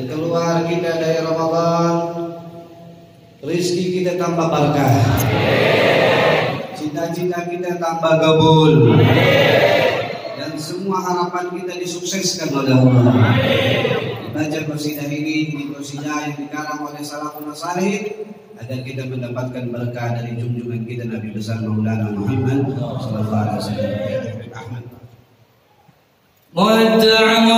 dan keluar kita dari Ramadan rizki kita tambah berkah cita-cita kita tambah gabul dan semua harapan kita disukseskan oleh Allah baca kosidah ini di kosidah yang dikarang oleh salafun salih agar kita mendapatkan berkah dari junjungan kita Nabi besar Maulana Muhammad sallallahu alaihi wasallam.